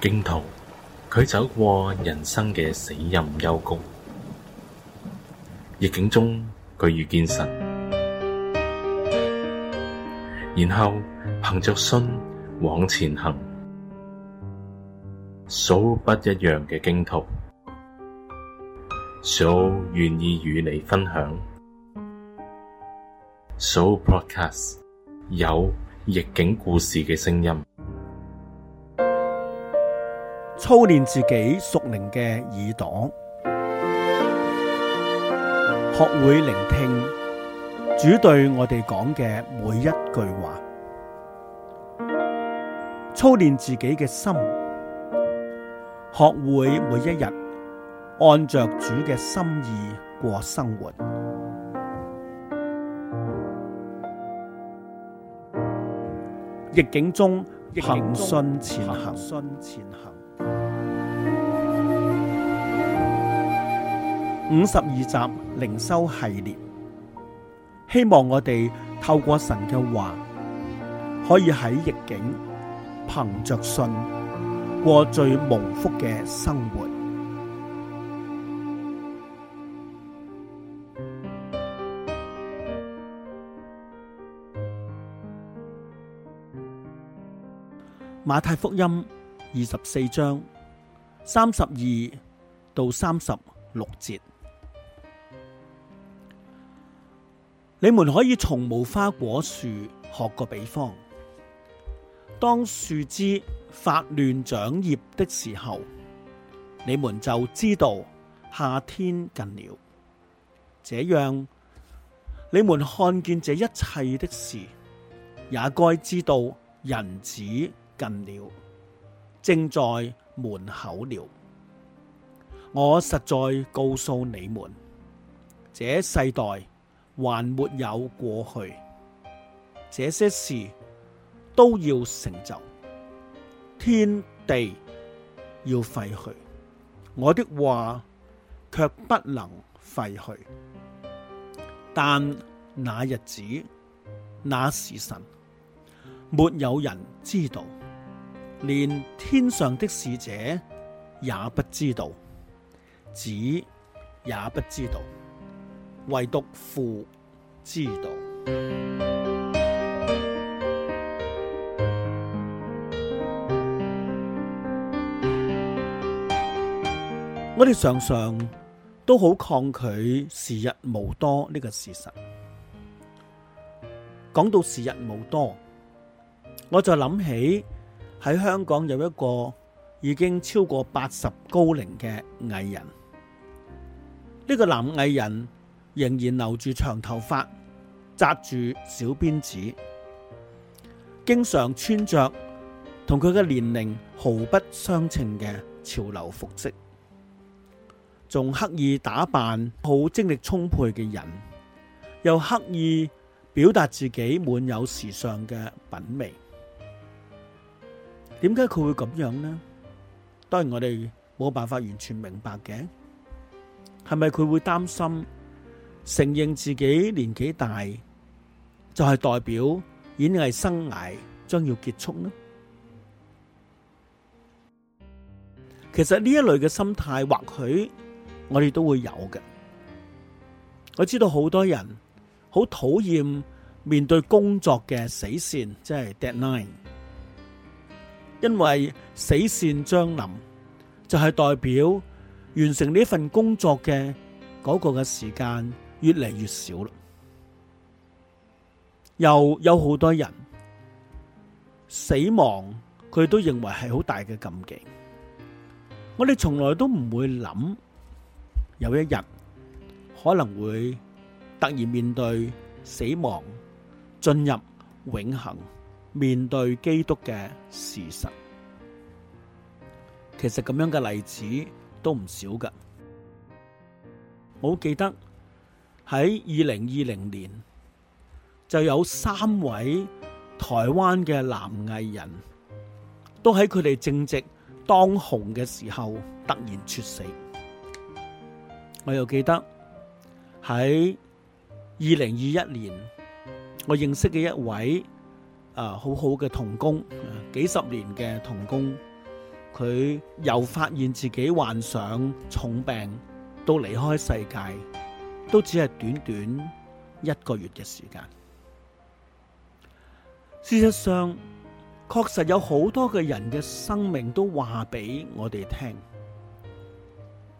荊徒,佢走過人生嘅死蔭幽谷，逆境中，佢遇見神，然後，憑着信往前行，數不一樣嘅荊徒,數願意與你分享,數 Podcast，有逆境故事嘅聲音。操練自己屬靈嘅耳朵，學會聆聽主對我哋講嘅每一句話。操練自己嘅心，學會每一日按着主嘅心意過生活。逆境中，憑信前行。五十二集靈修系列，希望我哋透過神嘅話，可以喺逆境，憑着信過最蒙福嘅生活。馬太福音二十四章三十二到三十六節。你們可以從無花果樹學個比方，當樹枝發嫩長葉的時候，你們就知道夏天近了。這樣，你們看見這一切的事，也該知道人子近了，正在門口了。我實在告訴你們，這世代，還沒有過去，這些事都要成就。天地要廢去，我的話卻不能廢去。但那日子，那時辰，沒有人知道，連天上的使者也不知道，子也不知道。唯獨父知道。我哋常常都好抗拒時日無多呢個事實。講到時日無多，我就諗起喺香港有一個已經超過八十高齡嘅藝人。呢個男藝人。仍然留住長頭髮，紮住小辮子，經常穿着同佢嘅年齡毫不相稱嘅潮流服飾，仲刻意打扮好精力充沛嘅人，又刻意表達自己滿有時尚嘅品味。點解佢會咁樣呢？當然我哋冇辦法完全明白嘅，係咪佢會擔心？承認自己年紀大，就係代表演藝生涯將要結束呢？其實呢一類嘅心態，或許我哋都會有嘅。我知道好多人好討厭面對工作嘅死線，即係 deadline，因為死線將臨就係代表完成呢份工作嘅嗰個嘅時間。越嚟越少啦，又有好多人死亡，佢都認為係好大嘅禁忌。我哋從來都唔會諗，有一日可能會突然面對死亡，進入永恆，面對基督嘅事實。其實咁樣嘅例子都唔少噶，我記得。喺二零二零年，就有三位台灣嘅男藝人，都喺佢哋正值當紅嘅時候突然猝死。我又記得喺二零二一年，我認識嘅一位啊、呃、好好嘅同工，幾十年嘅同工，佢又發現自己患上重病，到離開世界，都只係短短一個月嘅時間。事實上，確實有好多嘅人嘅生命都話俾我哋聽，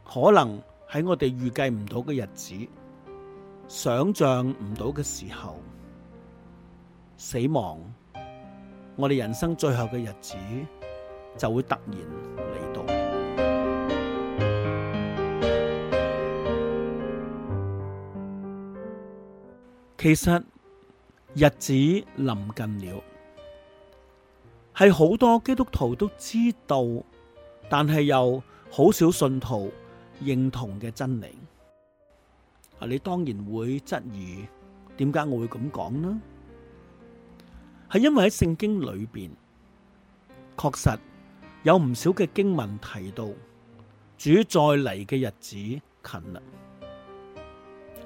可能喺我哋預計唔到嘅日子，想象唔到嘅時候，死亡，我哋人生最後嘅日子就會突然嚟到。其實日子臨近了，係好多基督徒都知道，但係又好少信徒認同嘅真理。啊，你當然會質疑，點解我會咁講呢？係因為喺聖經裏邊，確實有唔少嘅經文提到主再嚟嘅日子近啦，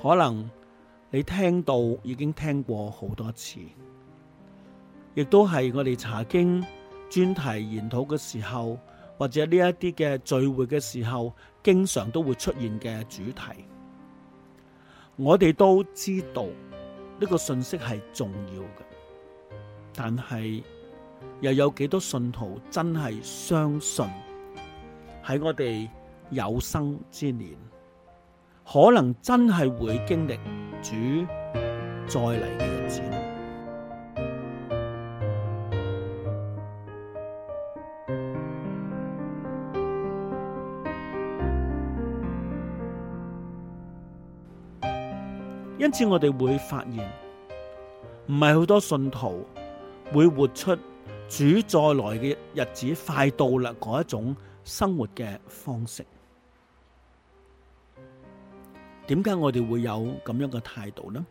可能。你聽到已經聽過好多次，亦都係我哋查經專題研討嘅時候，或者呢一啲嘅聚會嘅時候，經常都會出現嘅主題。我哋都知道呢個信息係重要嘅，但係又有幾多信徒真係相信喺我哋有生之年？可能真係會經歷主再嚟嘅日子，因此我哋會發現，唔係好多信徒會活出主再來嘅日子快到啦嗰一種生活嘅方式。點解我哋會有咁樣嘅態度呢？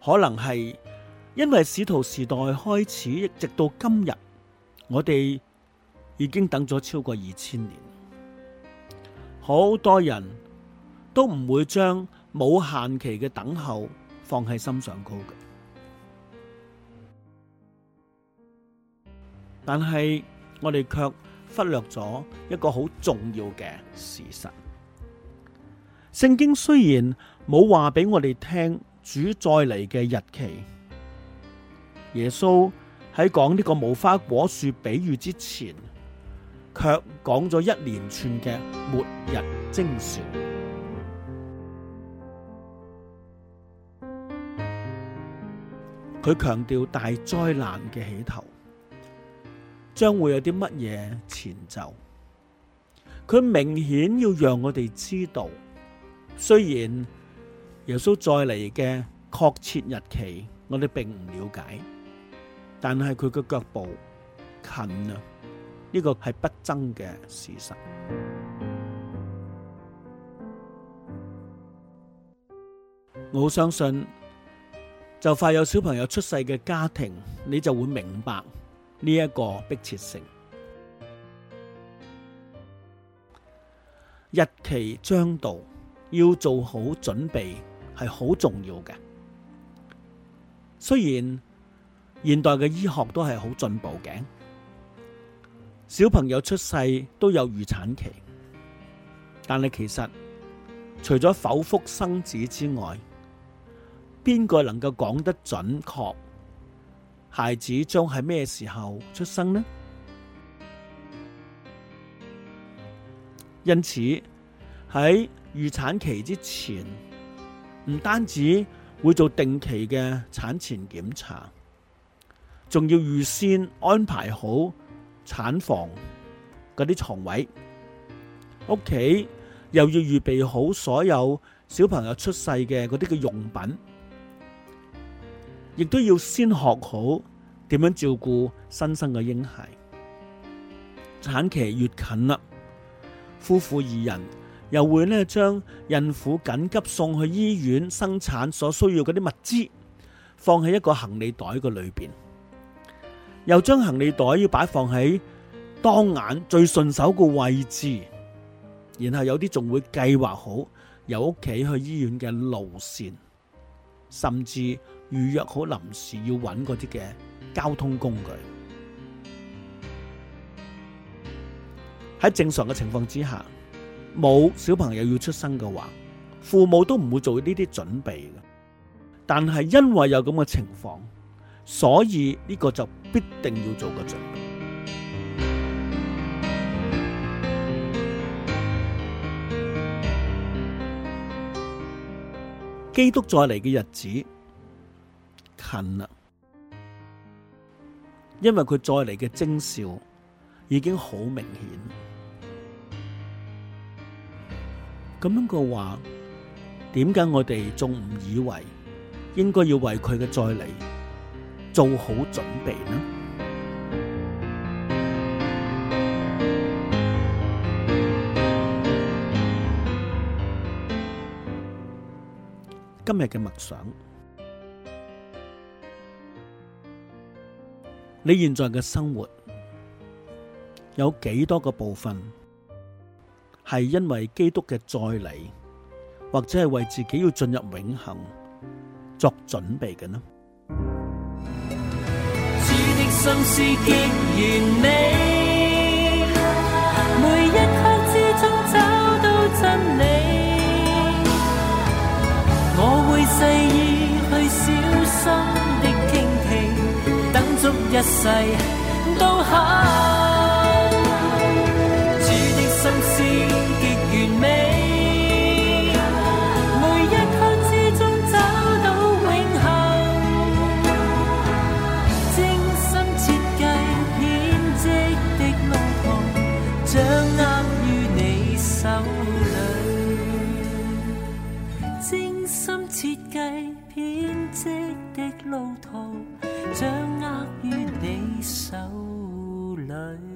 可能係因為使徒時代開始，一直到今日，我哋已經等咗超過二千年，好多人都唔會將冇限期嘅等候放喺心上高嘅，但係我哋卻忽略咗一個好重要嘅事實。聖經雖然冇話俾我哋聽主再嚟嘅日期，耶穌喺講呢個無花果樹比喻之前，卻講咗一連串嘅末日徵兆。佢強調大災難嘅起頭，將會有啲乜嘢前奏？佢明顯要讓我哋知道。雖然耶穌再嚟嘅確切日期，我哋並唔了解，但係佢嘅腳步近啊，呢、個係不爭嘅事實。我相信就快有小朋友出世嘅家庭，你就會明白呢一個迫切性。日期將到。要做好準備係好重要嘅。雖然現代嘅醫學都係好進步嘅，小朋友出世都有預產期，但係其實除咗剖腹生子之外，邊個能夠講得準確，孩子將喺咩時候出生呢？因此喺預產期之前，唔單止會做定期嘅產前檢查，仲要預先安排好產房嗰啲床位，屋企又要預備好所有小朋友出世嘅嗰啲嘅用品，亦都要先學好點樣照顧新生嘅嬰孩。產期越近啦，夫婦二人。又會呢將孕婦緊急送去醫院生產所需要嗰啲物資放喺一個行李袋嘅裏邊，又將行李袋要擺放喺當眼最順手個位置，然後有啲仲會計劃好由屋企去醫院嘅路線，甚至預約好臨時要揾嗰啲嘅交通工具。喺正常嘅情況之下，冇小朋友要出生嘅話，父母都唔會做呢啲準備嘅。但係因為有咁嘅情況，所以呢個就必定要做個準備。基督再嚟嘅日子近啦，因為佢再嚟嘅徵兆已經好明顯。咁樣嘅話，點解我哋仲唔以為應該要為佢嘅再嚟做好準備呢？今日嘅默想，你現在嘅生活有幾多個部分？係因為基督嘅再嚟，或者係為自己要進入永恒作準備嘅呢？計編織的路途，掌握於你手裏。